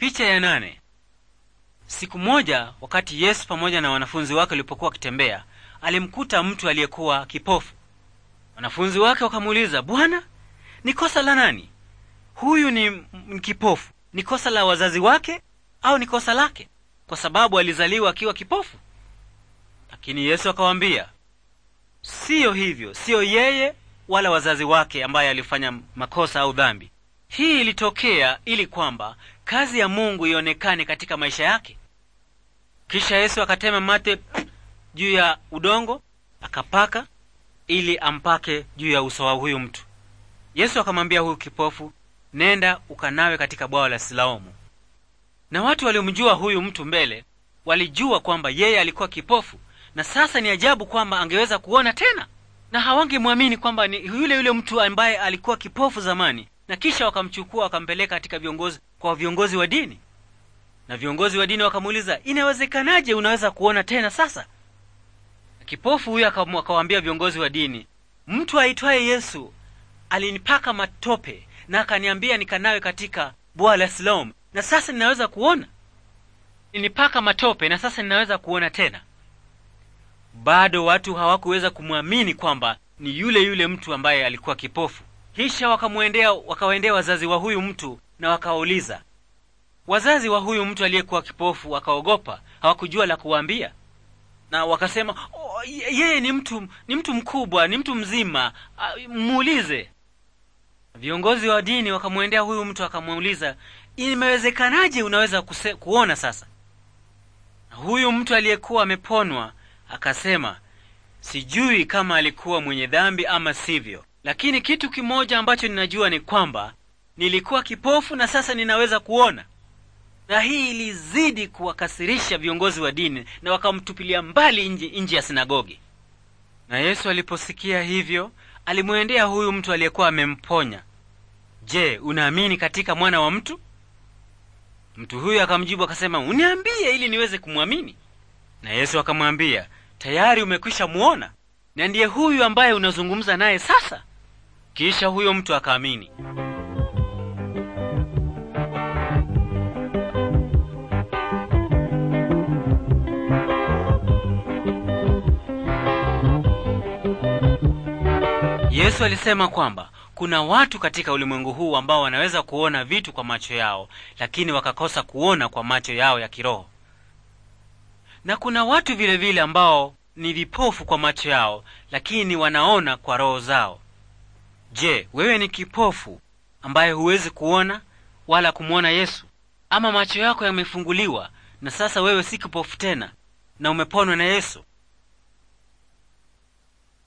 Picha ya nane. Siku moja wakati Yesu pamoja na wanafunzi wake walipokuwa wakitembea, alimkuta mtu aliyekuwa kipofu. Wanafunzi wake wakamuuliza, Bwana, ni kosa la nani? Huyu ni kipofu. Ni kosa la wazazi wake au ni kosa lake, kwa sababu alizaliwa akiwa kipofu? Lakini Yesu akawaambia, siyo hivyo, siyo yeye wala wazazi wake ambaye alifanya makosa au dhambi. Hii ilitokea ili kwamba kazi ya Mungu ionekane katika maisha yake. Kisha Yesu akatema mate juu ya udongo akapaka, ili ampake juu ya uso wa huyu mtu. Yesu akamwambia huyu kipofu, nenda ukanawe katika bwawa la silaomu Na watu waliomjua huyu mtu mbele walijua kwamba yeye alikuwa kipofu, na sasa ni ajabu kwamba angeweza kuona tena, na hawangemwamini kwamba ni yule yule mtu ambaye alikuwa kipofu zamani na kisha wakamchukua wakampeleka katika viongozi kwa viongozi wa dini, na viongozi wa dini wakamuuliza, inawezekanaje unaweza kuona tena sasa? Kipofu huyo akawaambia viongozi wa dini, mtu aitwaye Yesu alinipaka matope na akaniambia nikanawe katika bwa la Siloamu, na sasa ninaweza kuona. ninipaka matope na sasa ninaweza kuona tena. Bado watu hawakuweza kumwamini kwamba ni yule yule mtu ambaye alikuwa kipofu. Kisha wakamwendea wakawaendea wazazi wa huyu mtu na wakawauliza. Wazazi wa huyu mtu aliyekuwa kipofu wakaogopa, hawakujua la kuwaambia, na wakasema oh, yeye ni mtu ni mtu mkubwa, ni mtu mzima, muulize. Viongozi wa dini wakamwendea huyu mtu akamuuliza, imewezekanaje unaweza kuse, kuona sasa? Huyu mtu aliyekuwa ameponwa akasema, sijui kama alikuwa mwenye dhambi ama sivyo, lakini kitu kimoja ambacho ninajua ni kwamba nilikuwa kipofu na sasa ninaweza kuona, na hii ilizidi kuwakasirisha viongozi wa dini na wakamtupilia mbali nje ya sinagogi. Na Yesu aliposikia hivyo, alimwendea huyu mtu aliyekuwa amemponya, Je, unaamini katika mwana wa mtu? Mtu huyu akamjibu akasema, uniambie ili niweze kumwamini. Na Yesu akamwambia, tayari umekwisha muona, na ndiye huyu ambaye unazungumza naye sasa kisha huyo mtu akaamini. Yesu alisema kwamba kuna watu katika ulimwengu huu ambao wanaweza kuona vitu kwa macho yao, lakini wakakosa kuona kwa macho yao ya kiroho, na kuna watu vilevile vile ambao ni vipofu kwa macho yao, lakini wanaona kwa roho zao. Je, wewe ni kipofu ambaye huwezi kuona wala kumwona Yesu? Ama macho yako yamefunguliwa na sasa wewe si kipofu tena na umeponwa na Yesu?